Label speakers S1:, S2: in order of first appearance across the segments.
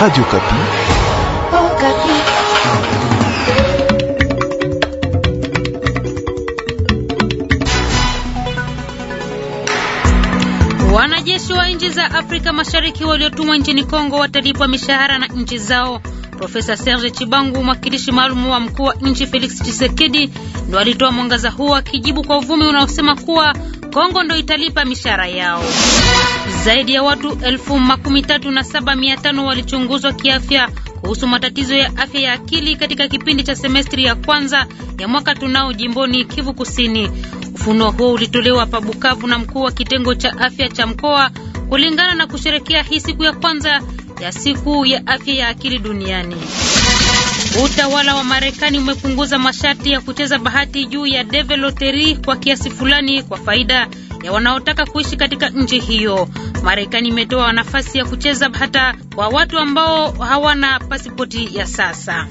S1: Radio Kapi.
S2: Oh, Kapi.
S3: Wanajeshi wa nchi za Afrika Mashariki waliotumwa nchini Kongo watalipwa mishahara na nchi zao. Profesa Serge Chibangu, mwakilishi maalum wa mkuu wa nchi Felix Tshisekedi, ndo alitoa mwangaza huo akijibu kwa uvumi unaosema kuwa Kongo ndo italipa mishahara yao. Zaidi ya watu elfu makumi tatu na saba mia tano walichunguzwa kiafya kuhusu matatizo ya afya ya akili katika kipindi cha semestri ya kwanza ya mwaka tunao jimboni Kivu Kusini. Ufunuo huo ulitolewa pa Bukavu na mkuu wa kitengo cha afya cha mkoa kulingana na kusherekea hii siku ya kwanza ya siku ya afya ya akili duniani. Utawala wa Marekani umepunguza masharti ya kucheza bahati juu ya deve Lottery kwa kiasi fulani kwa faida ya wanaotaka kuishi katika nchi hiyo. Marekani imetoa nafasi ya kucheza hata kwa watu ambao hawana pasipoti ya sasa.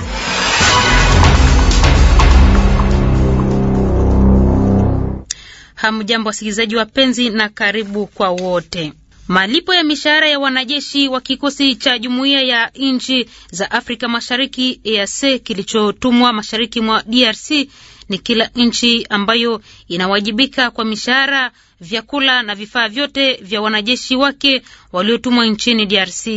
S3: Hamjambo wasikilizaji wapenzi, na karibu kwa wote. Malipo ya mishahara ya wanajeshi wa kikosi cha jumuiya ya nchi za Afrika Mashariki EAC kilichotumwa mashariki mwa DRC ni kila nchi ambayo inawajibika kwa mishahara, vyakula na vifaa vyote vya wanajeshi wake waliotumwa nchini DRC.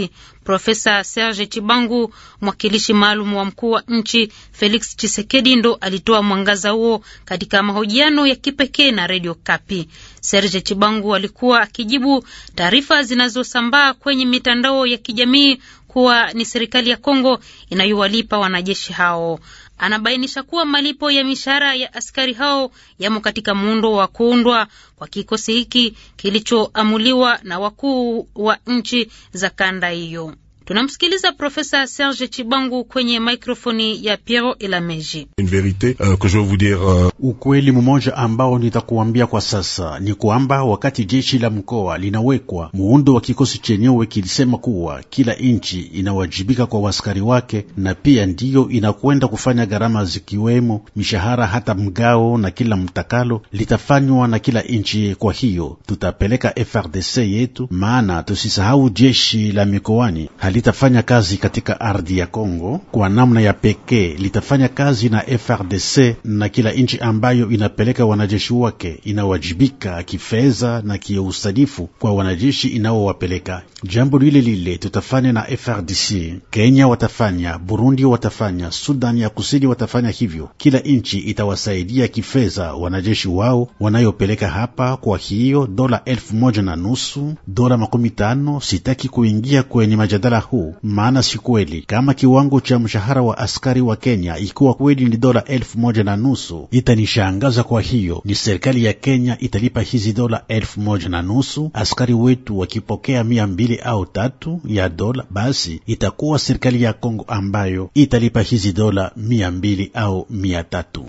S3: Profesa Serge Chibangu, mwakilishi maalum wa mkuu wa nchi Felix Chisekedi, ndo alitoa mwangaza huo katika mahojiano ya kipekee na redio Kapi. Serge Chibangu alikuwa akijibu taarifa zinazosambaa kwenye mitandao ya kijamii kuwa ni serikali ya Kongo inayowalipa wanajeshi hao anabainisha kuwa malipo ya mishahara ya askari hao yamo katika muundo wa kuundwa kwa kikosi hiki kilichoamuliwa na wakuu wa nchi za kanda hiyo. Tunamsikiliza Profesa Serge Chibangu kwenye mikrofoni ya Piero Elameji.
S1: Euh, euh, Ukweli mmoja ambao nitakuambia kwa sasa ni kwamba wakati jeshi la mkoa linawekwa, muundo wa kikosi chenyewe kilisema kuwa kila nchi inawajibika kwa waskari wake, na pia ndiyo inakwenda kufanya gharama zikiwemo mishahara, hata mgao na kila mtakalo litafanywa na kila nchi. Kwa hiyo tutapeleka FRDC yetu, maana tusisahau jeshi la mikoani hali litafanya kazi katika ardhi ya Kongo kwa namna ya pekee, litafanya kazi na FRDC na kila nchi ambayo inapeleka wanajeshi wake inawajibika kifedha na kiusadifu kwa wanajeshi inaowapeleka. Jambo lile lile tutafanya na FRDC. Kenya watafanya, Burundi watafanya, Sudan ya Kusini watafanya hivyo. Kila nchi itawasaidia kifedha wanajeshi wao wanayopeleka hapa. Kwa hiyo dola elfu moja na nusu, dola makumi tano. Sitaki kuingia kwenye majadala huu, maana si kweli kama kiwango cha mshahara wa askari wa Kenya ikiwa kweli ni dola elfu moja na nusu itanishangaza. Kwa hiyo ni serikali ya Kenya italipa hizi dola elfu moja na nusu askari wetu wakipokea mia mbili au tatu ya dola, basi itakuwa serikali ya Kongo ambayo italipa hizi dola mia mbili au mia tatu.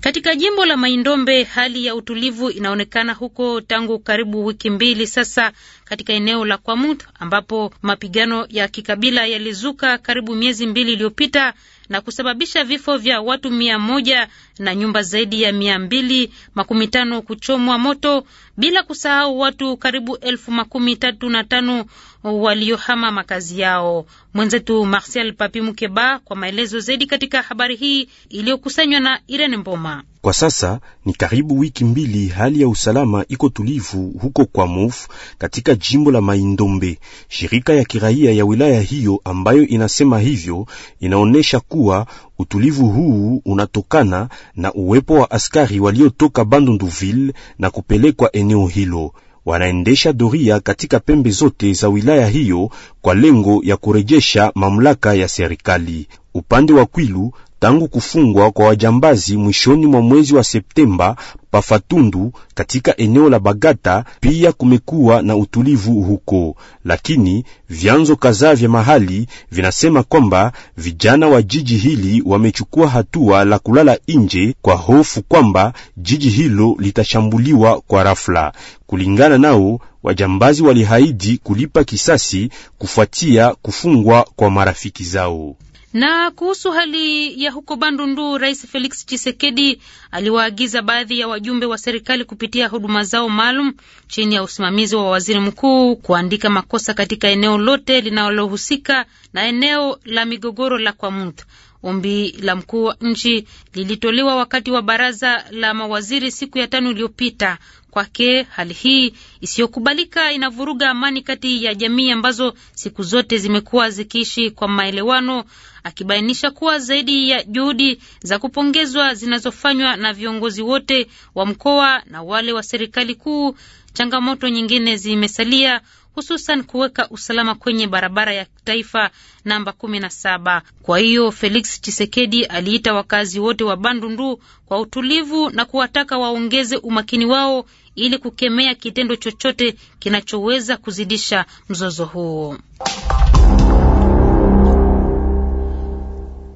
S3: Katika jimbo la Maindombe hali ya utulivu inaonekana huko tangu karibu wiki mbili sasa, katika eneo la kwamut ambapo mapigano ya kikabila yalizuka karibu miezi mbili iliyopita na kusababisha vifo vya watu mia moja na nyumba zaidi ya mia mbili makumi tano kuchomwa moto bila kusahau watu karibu elfu makumi tatu na tano waliohama makazi yao. Mwenzetu Marcel Papi Mukeba kwa maelezo zaidi katika habari hii iliyokusanywa na Irene Mboma.
S4: Kwa sasa ni karibu wiki mbili hali ya usalama iko tulivu huko kwa Mouf katika jimbo la Maindombe. Shirika ya kiraia ya wilaya hiyo ambayo inasema hivyo inaonesha kuwa Utulivu huu unatokana na uwepo wa askari waliotoka Bandunduville na kupelekwa eneo hilo. Wanaendesha doria katika pembe zote za wilaya hiyo kwa lengo ya kurejesha mamlaka ya serikali. Upande wa Kwilu tangu kufungwa kwa wajambazi mwishoni mwa mwezi wa Septemba pafatundu katika eneo la Bagata, pia kumekuwa na utulivu huko, lakini vyanzo kadhaa vya mahali vinasema kwamba vijana wa jiji hili wamechukua hatua la kulala nje kwa hofu kwamba jiji hilo litashambuliwa kwa rafla. Kulingana nao, wajambazi walihaidi kulipa kisasi kufuatia kufungwa kwa marafiki zao.
S3: Na kuhusu hali ya huko Bandundu, Rais Felix Tshisekedi aliwaagiza baadhi ya wajumbe wa serikali kupitia huduma zao maalum chini ya usimamizi wa waziri mkuu kuandika makosa katika eneo lote linalohusika na eneo la migogoro la Kwamuth. Ombi la mkuu wa nchi lilitolewa wakati wa baraza la mawaziri siku ya tano iliyopita Kwake hali hii isiyokubalika inavuruga amani kati ya jamii ambazo siku zote zimekuwa zikiishi kwa maelewano, akibainisha kuwa zaidi ya juhudi za kupongezwa zinazofanywa na viongozi wote wa mkoa na wale wa serikali kuu, changamoto nyingine zimesalia hususan kuweka usalama kwenye barabara ya taifa namba saba. Kwa hiyo Felix Chisekedi aliita wakazi wote wa Bandundu kwa utulivu na kuwataka waongeze umakini wao ili kukemea kitendo chochote kinachoweza kuzidisha mzozo huo.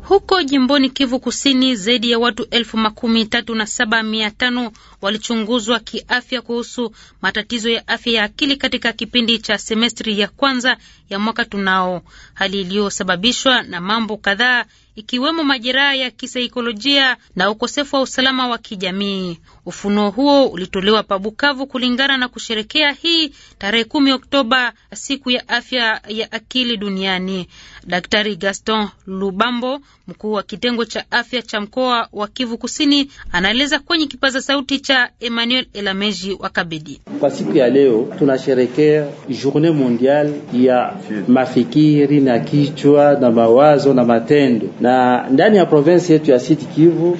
S3: Huko jimboni Kivu Kusini, zaidi ya watu elfu makumi tatu na saba mia tano walichunguzwa kiafya kuhusu matatizo ya afya ya akili katika kipindi cha semestri ya kwanza ya mwaka tunao, hali iliyosababishwa na mambo kadhaa ikiwemo majeraha ya kisaikolojia na ukosefu wa usalama wa kijamii. Ufunuo huo ulitolewa pa Bukavu kulingana na kusherekea hii tarehe kumi Oktoba, siku ya afya ya akili duniani. Daktari Gaston Lubambo, mkuu wa kitengo cha afya cha mkoa wa Kivu Kusini, anaeleza kwenye kipaza sauti cha Emmanuel Elameji wa Kabedi.
S5: Kwa siku ya leo tunasherekea Journee Mondiale ya mafikiri na kichwa na mawazo na matendo, na ndani ya provensi yetu ya Sud Kivu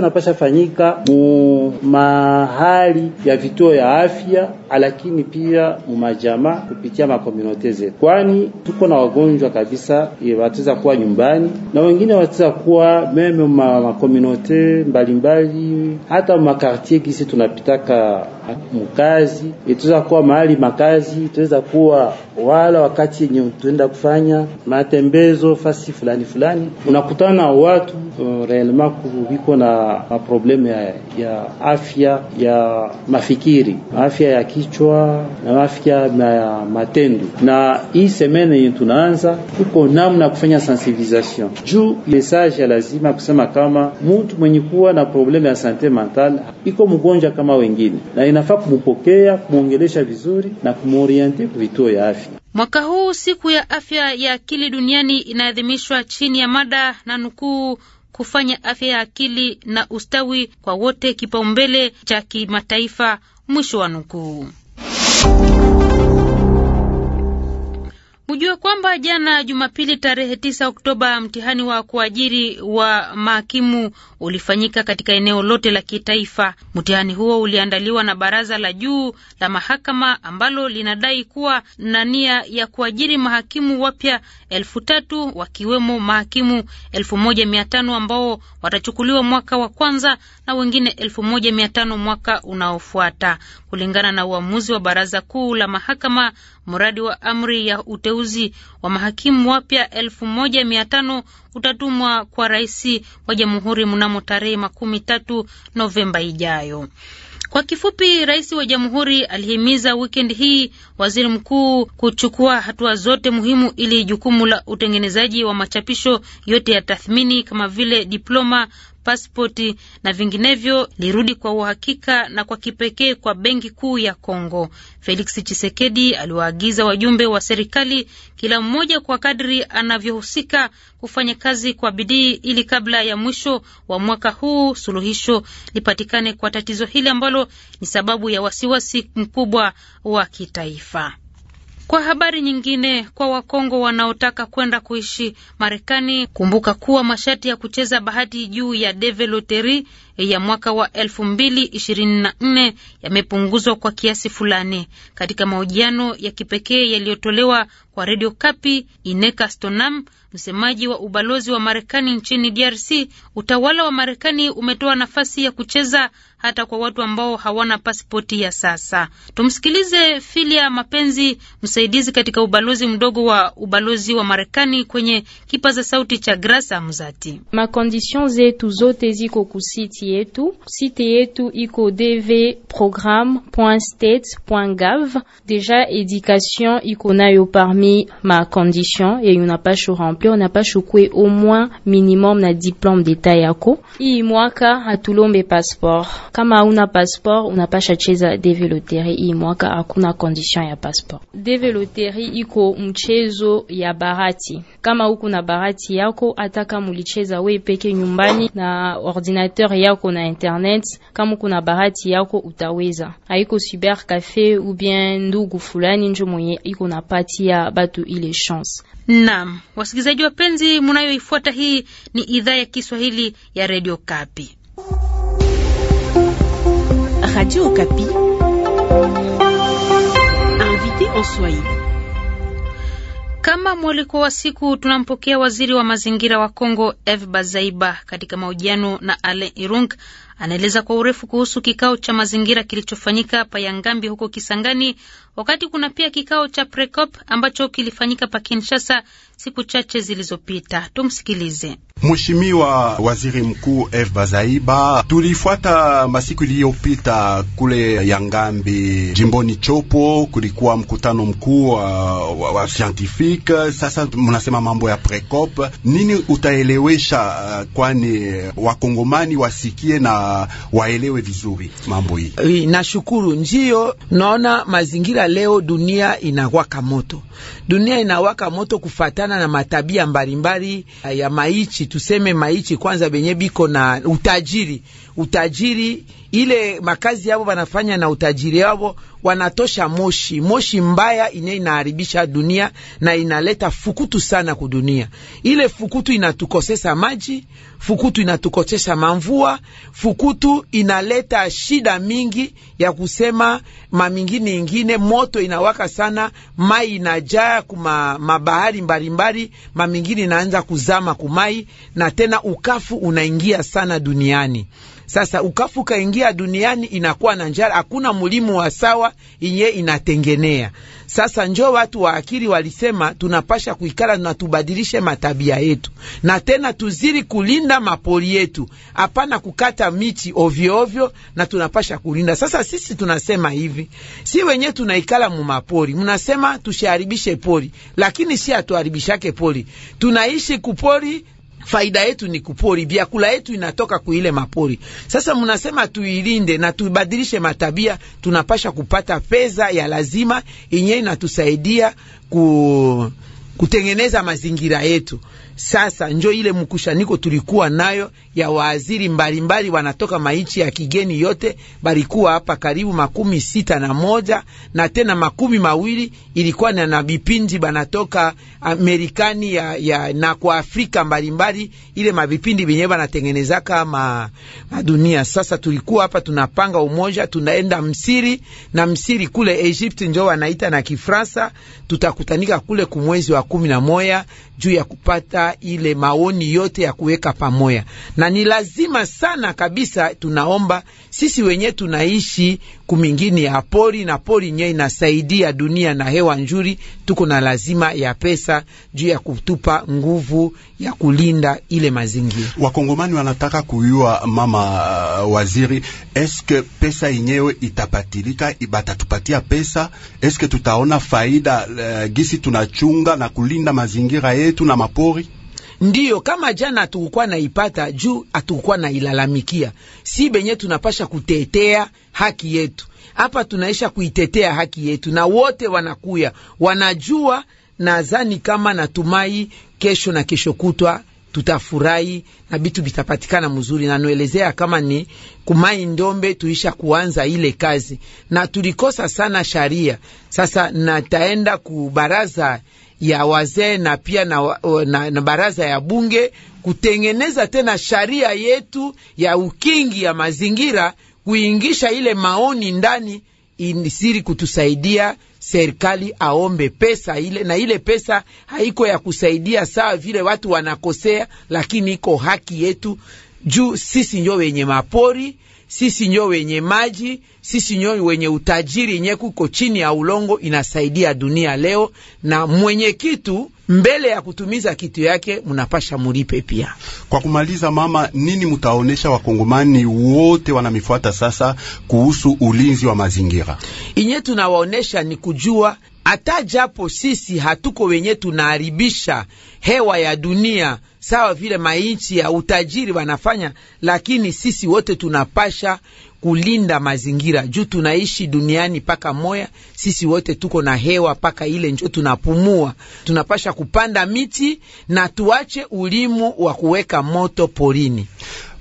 S5: napasha fanyika mu mahali ya vituo ya afya lakini pia mumajamaa kupitia makomunote zetu, kwani tuko na wagonjwa kabisa wataweza e, kuwa nyumbani na wengine wataweza kuwa meme ma makomunote mbalimbali, hata makartier kisi tunapitaka mkazi itaweza e, kuwa mahali makazi, itaweza kuwa wala wakati yenye tuenda kufanya matembezo fasi fulani fulani, unakutana watu uh, e, kuviko na maprobleme ya, ya afya ya mafikiri afya ya ki kichwa na afya na matendo. Na hii semaine yenye tunaanza uko namna ya kufanya sensibilisation juu message ya lazima kusema kama mtu mwenye kuwa na problemu ya sante mentale iko mgonjwa kama wengine, na inafaa kumupokea, kumwongelesha vizuri na kumworiente kuvituo ya afya.
S3: Mwaka huu siku ya afya ya akili duniani inaadhimishwa chini ya mada na nukuu kufanya afya ya akili na ustawi kwa wote kipaumbele cha kimataifa. Mwisho wa nukuu. Mjue kwamba jana Jumapili tarehe 9 Oktoba, mtihani wa kuajiri wa mahakimu ulifanyika katika eneo lote la kitaifa. Mtihani huo uliandaliwa na baraza la juu la mahakama ambalo linadai kuwa na nia ya kuajiri mahakimu wapya elfu tatu wakiwemo mahakimu elfu moja mia tano ambao watachukuliwa mwaka wa kwanza na wengine elfu moja mia tano mwaka unaofuata, kulingana na uamuzi wa baraza kuu la mahakama. Mradi wa amri ya ute uteuzi wa mahakimu wapya elfu moja mia tano utatumwa kwa rais wa jamhuri mnamo tarehe makumi tatu Novemba ijayo. Kwa kifupi, rais wa jamhuri alihimiza wikendi hii waziri mkuu kuchukua hatua zote muhimu ili jukumu la utengenezaji wa machapisho yote ya tathmini kama vile diploma pasipoti na vinginevyo lirudi kwa uhakika na kwa kipekee kwa Benki Kuu ya Kongo. Felix Chisekedi aliwaagiza wajumbe wa serikali, kila mmoja kwa kadri anavyohusika, kufanya kazi kwa bidii ili kabla ya mwisho wa mwaka huu suluhisho lipatikane kwa tatizo hili ambalo ni sababu ya wasiwasi mkubwa wa kitaifa. Kwa habari nyingine, kwa Wakongo wanaotaka kwenda kuishi Marekani, kumbuka kuwa masharti ya kucheza bahati juu ya develoteri ya mwaka wa 2024 yamepunguzwa kwa kiasi fulani. Katika mahojiano ya kipekee yaliyotolewa kwa Radio Kapi, Ineka Stonam, msemaji wa ubalozi wa Marekani nchini DRC, utawala wa Marekani umetoa nafasi ya kucheza hata kwa watu ambao hawana pasipoti ya sasa. Tumsikilize Filia Mapenzi, msaidizi katika ubalozi mdogo wa ubalozi wa Marekani kwenye kipaza sauti cha Grasa Mzati. Makondisyon zetu zote ziko kusiti tovuti yetu. Site yetu iko dvprogramme.state.gov. Deja education iko nayo parmi ma condition yenye unapasha remplir, unapasha kuwe au moins minimum na diplome d'etat yako. Hii mwaka hatulombe passeport. Kama hauna passeport, unapasha cheza DV loteri. Hii mwaka hakuna condition ya passeport. DV loteri iko mchezo ya bahati. Kama uko na bahati yako, ataka mulicheza we peke nyumbani na ordinateur yako yako na internet. Kama kuna bahati yako utaweza, haiko cyber cafe ou bien ndugu fulani njo mwenye iko napatia batu ile chance. Naam, wasikilizaji wapenzi, munayoifuata hii ni idhaa ya Kiswahili ya Radio Kapi. Radio Kapi. Invité en Swahili. Kama mwaliko wa siku tunampokea waziri wa mazingira wa congo Eve Bazaiba katika mahojiano na Alain Irung, anaeleza kwa urefu kuhusu kikao cha mazingira kilichofanyika Payangambi huko Kisangani, wakati kuna pia kikao cha Precop ambacho kilifanyika pa Kinshasa siku chache zilizopita. Tumsikilize.
S6: Mheshimiwa Waziri Mkuu F Bazaiba, tulifuata masiku iliyopita kule Yangambi jimboni Chopo, kulikuwa mkutano mkuu wa, wa, wa scientifique. Sasa mnasema mambo ya precop nini, utaelewesha uh, kwani wakongomani wasikie na waelewe vizuri mambo
S7: hii. Nashukuru, ndio naona mazingira leo, dunia inawaka moto, dunia inawaka moto kufatana na matabia mbalimbali ya maichi tuseme maichi kwanza benye biko na utajiri utajiri ile makazi yao wanafanya na utajiri wao wanatosha moshi moshi mbaya ine inaharibisha dunia na inaleta fukutu sana kudunia. Ile fukutu inatukosesa maji, fukutu inatukosesa mamvua, fukutu inaleta shida mingi ya kusema mamingine ingine. Moto inawaka sana, mai inajaa kuma mabahari mbalimbali, mamingine inaanza kuzama kumai, na tena ukafu unaingia sana duniani. Sasa ukafu kaingia duniani inakuwa na njara, hakuna mulimu wa sawa inye inatengenea. Sasa njo watu wa akili walisema tunapasha kuikala na tubadilishe matabia yetu, na tena tuziri kulinda mapori yetu, hapana kukata michi ovyo ovyo, na tunapasha kulinda. Sasa sisi tunasema hivi, si wenye tunaikala mumapori, mnasema tusharibishe pori, lakini si atuharibishake pori, tunaishi kupori faida yetu ni kupori, vyakula yetu inatoka kuile mapori. Sasa mnasema tuilinde na tubadilishe matabia, tunapasha kupata fedha ya lazima yenyewe inatusaidia ku, kutengeneza mazingira yetu. Sasa njo ile mkushaniko tulikuwa nayo ya waziri mbalimbali wanatoka maichi ya kigeni, yote balikuwa hapa karibu makumi sita na moja na tena makumi mawili ilikuwa na nabipindi banatoka Amerikani ya, ya, na kwa Afrika mbalimbali ile mavipindi venyewe banatengenezaka ma, ma dunia. Sasa tulikuwa hapa tunapanga umoja, tunaenda Msiri na Msiri kule Egypt njo wanaita na Kifransa, tutakutanika kule kumwezi wa kumi na moya juu ya kupata ile maoni yote ya kuweka pamoja, na ni lazima sana kabisa. Tunaomba sisi wenye tunaishi kumingini ya pori na pori nye inasaidia dunia na hewa nzuri, tuko na lazima ya pesa juu ya kutupa nguvu ya kulinda ile mazingira.
S6: Wakongomani wanataka kuyua, mama uh, waziri, eske pesa yenyewe itapatilika, batatupatia pesa, eske tutaona faida uh, gisi tunachunga na kulinda mazingira yetu na mapori
S7: Ndiyo, kama jana hatukukuwa naipata juu hatukukuwa nailalamikia. Si benye tunapasha kutetea haki yetu hapa, tunaisha kuitetea haki yetu, na wote wanakuya wanajua nazani kama natumai kesho na kesho kutwa tutafurahi na bitu bitapatikana mzuri. Nanuelezea kama ni kumai ndombe tuisha kuanza ile kazi, na tulikosa sana sharia. Sasa nataenda kubaraza ya wazee na pia na, na, na baraza ya bunge kutengeneza tena sharia yetu ya ukingi ya mazingira, kuingisha ile maoni ndani, inisiri kutusaidia serikali aombe pesa ile, na ile pesa haiko ya kusaidia sawa vile watu wanakosea, lakini iko haki yetu juu sisi ndio wenye mapori sisi nyo wenye maji, sisi nyo wenye utajiri nye kuko chini ya ulongo, inasaidia dunia leo. Na mwenye kitu mbele ya kutumiza kitu yake munapasha mulipe pia.
S6: Kwa kumaliza, mama, nini mutaonesha wakongomani wote wanamifuata sasa kuhusu ulinzi wa mazingira?
S7: Inye tunawaonesha ni kujua hata japo sisi hatuko wenye tunaharibisha hewa ya dunia sawa vile mainchi ya utajiri wanafanya, lakini sisi wote tunapasha kulinda mazingira juu tunaishi duniani paka moya. Sisi wote tuko na hewa paka ile njo tunapumua. Tunapasha kupanda miti na tuache ulimu wa kuweka moto porini.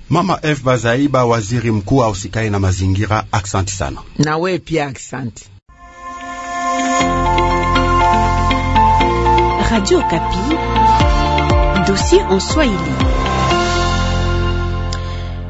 S6: Mama F Bazaiba, waziri mkuu ausikae na mazingira, aksanti sana.
S7: Na Nawe pia aksanti. Radio Kapi, dossier en
S3: Swahili.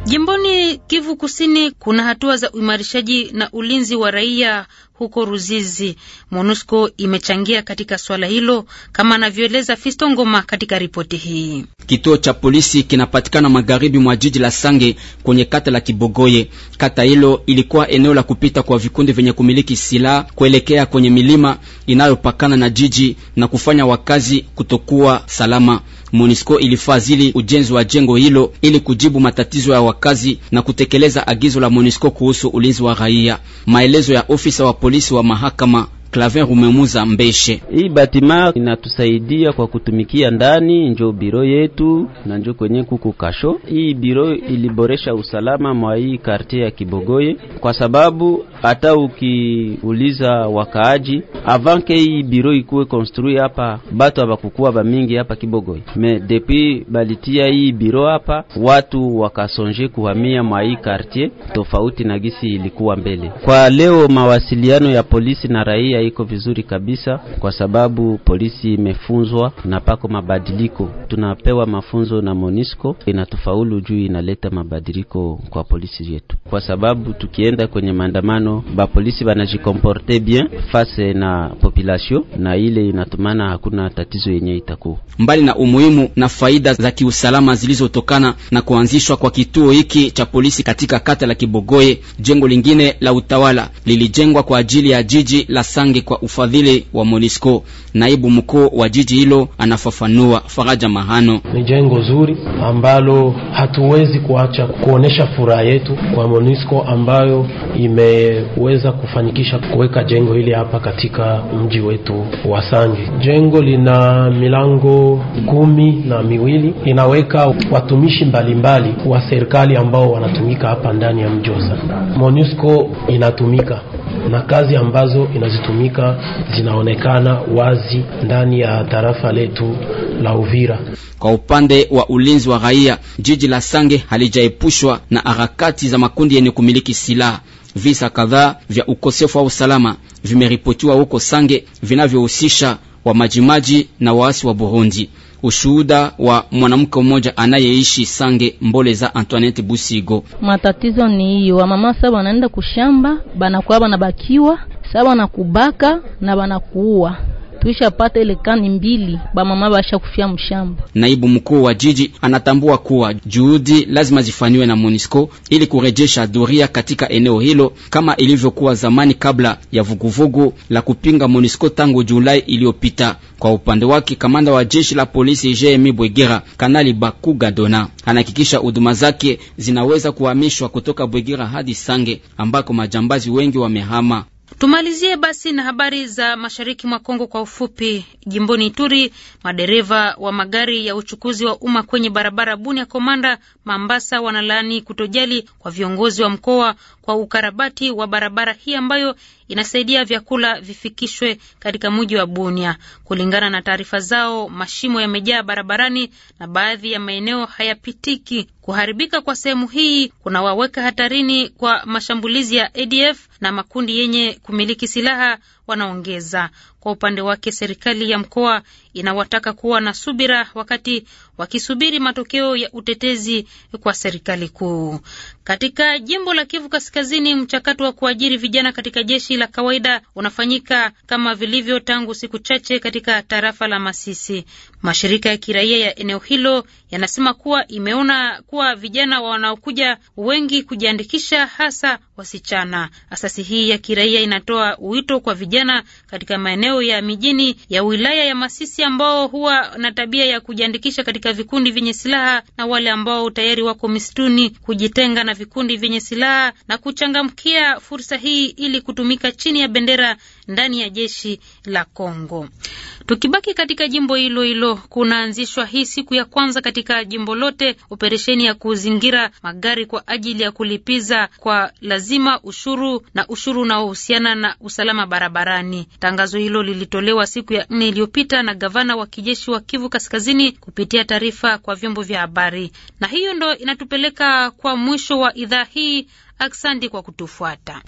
S3: Jimboni Kivu Kusini kuna hatua za uimarishaji na ulinzi wa raia huko Ruzizi. MONUSCO imechangia katika swala hilo kama anavyoeleza Fisto Ngoma katika ripoti hii.
S8: Kituo cha polisi kinapatikana magharibi mwa jiji la Sange kwenye kata la Kibogoye. Kata hilo ilikuwa eneo la kupita kwa vikundi vyenye kumiliki silaha kuelekea kwenye milima inayopakana na jiji na kufanya wakazi kutokuwa salama. MONUSCO ilifadhili ujenzi wa jengo hilo ili kujibu matatizo ya wakazi na kutekeleza agizo la MONUSCO kuhusu ulinzi wa raia. Maelezo ya ofisa wa polisi wa mahakama Claver Umemuza Mbeshe.
S2: Hii batima inatusaidia kwa kutumikia ndani, njo biro yetu na njo kwenye kuku kasho. Hii biro iliboresha usalama mwa hii kartie ya Kibogoye, kwa sababu hata ukiuliza wakaaji avanke hii biro ikuwe konstrui hapa, batu abakukuwa bamingi hapa Kibogoye, me depuis balitia hii biro hapa, watu wakasonje kuhamia mwa hii kartie tofauti na gisi ilikuwa mbele. Kwa leo mawasiliano ya polisi na raia iko vizuri kabisa, kwa sababu polisi imefunzwa na pako mabadiliko. Tunapewa mafunzo na Monisco, inatufaulu juu inaleta mabadiliko kwa polisi yetu, kwa sababu tukienda kwenye maandamano bapolisi wanajikomporte bien face na population, na ile inatumana hakuna tatizo yenye itakuwa mbali na umuhimu
S8: na faida za kiusalama zilizotokana na kuanzishwa kwa kituo hiki cha polisi katika kata la Kibogoye. Jengo lingine la utawala lilijengwa kwa ajili ya jiji la Sanga msingi kwa ufadhili wa MONUSCO. Naibu mkuu wa jiji hilo anafafanua. Faraja Mahano:
S2: ni jengo zuri ambalo hatuwezi kuacha kuonesha furaha yetu kwa MONUSCO ambayo imeweza kufanikisha kuweka jengo hili hapa katika mji wetu wa Sange. Jengo lina milango kumi na miwili, inaweka watumishi mbalimbali mbali wa serikali ambao wanatumika hapa ndani ya mji wa Sange. MONUSCO inatumika na kazi ambazo inazitumika zinaonekana wazi ndani ya tarafa letu la Uvira.
S8: Kwa upande wa ulinzi wa raia, jiji la Sange halijaepushwa na harakati za makundi yenye kumiliki silaha. Visa kadhaa vya ukosefu wa usalama vimeripotiwa huko Sange vinavyohusisha wa majimaji na waasi wa Burundi ushuhuda wa mwanamke mmoja anayeishi Sange mbole za Antoinette Busigo.
S3: Matatizo ni hiyo, wamama saba wanaenda kushamba, banakuwa banabakiwa sasa, banakubaka na banakuua tuisha pata ile kani mbili bamama basha kufia mshamba.
S8: Naibu mkuu wa jiji anatambua kuwa juhudi lazima zifanywe na MONUSCO ili kurejesha doria katika eneo hilo kama ilivyokuwa zamani kabla ya vuguvugu la kupinga MONUSCO tangu Julai iliyopita. Kwa upande wake, kamanda wa jeshi la polisi Jeremy Bwegera, Kanali Bakuga Dona, anahakikisha huduma zake zinaweza kuhamishwa kutoka Bwegera hadi Sange ambako majambazi wengi wamehama.
S3: Tumalizie basi na habari za mashariki mwa Kongo kwa ufupi. Jimboni Ituri, madereva wa magari ya uchukuzi wa umma kwenye barabara Bunia Komanda Mambasa wanalaani kutojali kwa viongozi wa mkoa kwa ukarabati wa barabara hii ambayo inasaidia vyakula vifikishwe katika mji wa Bunia. Kulingana na taarifa zao, mashimo yamejaa barabarani na baadhi ya maeneo hayapitiki. Kuharibika kwa sehemu hii kunawaweka hatarini kwa mashambulizi ya ADF na makundi yenye kumiliki silaha wanaongeza. Kwa upande wake, serikali ya mkoa inawataka kuwa na subira wakati wakisubiri matokeo ya utetezi kwa serikali kuu. Katika jimbo la Kivu Kaskazini, mchakato wa kuajiri vijana katika jeshi la kawaida unafanyika kama vilivyo tangu siku chache katika tarafa la Masisi. Mashirika ya kiraia ya eneo hilo yanasema kuwa imeona kuwa vijana wanaokuja wengi kujiandikisha, hasa wasichana. Asasi hii ya kiraia inatoa wito kwa vijana katika maeneo ya mijini ya wilaya ya Masisi ambao huwa na tabia ya kujiandikisha katika vikundi vyenye silaha na wale ambao tayari wako misituni kujitenga na vikundi vyenye silaha na kuchangamkia fursa hii ili kutumika chini ya bendera ndani ya jeshi la Kongo. Tukibaki katika jimbo hilo hilo, kunaanzishwa hii siku ya kwanza katika katika jimbo lote operesheni ya kuzingira magari kwa ajili ya kulipiza kwa lazima ushuru na ushuru unaohusiana na usalama barabarani. Tangazo hilo lilitolewa siku ya nne iliyopita na gavana wa kijeshi wa Kivu Kaskazini kupitia taarifa kwa vyombo vya habari. Na hiyo ndo inatupeleka kwa mwisho wa idhaa hii. Aksandi kwa kutufuata.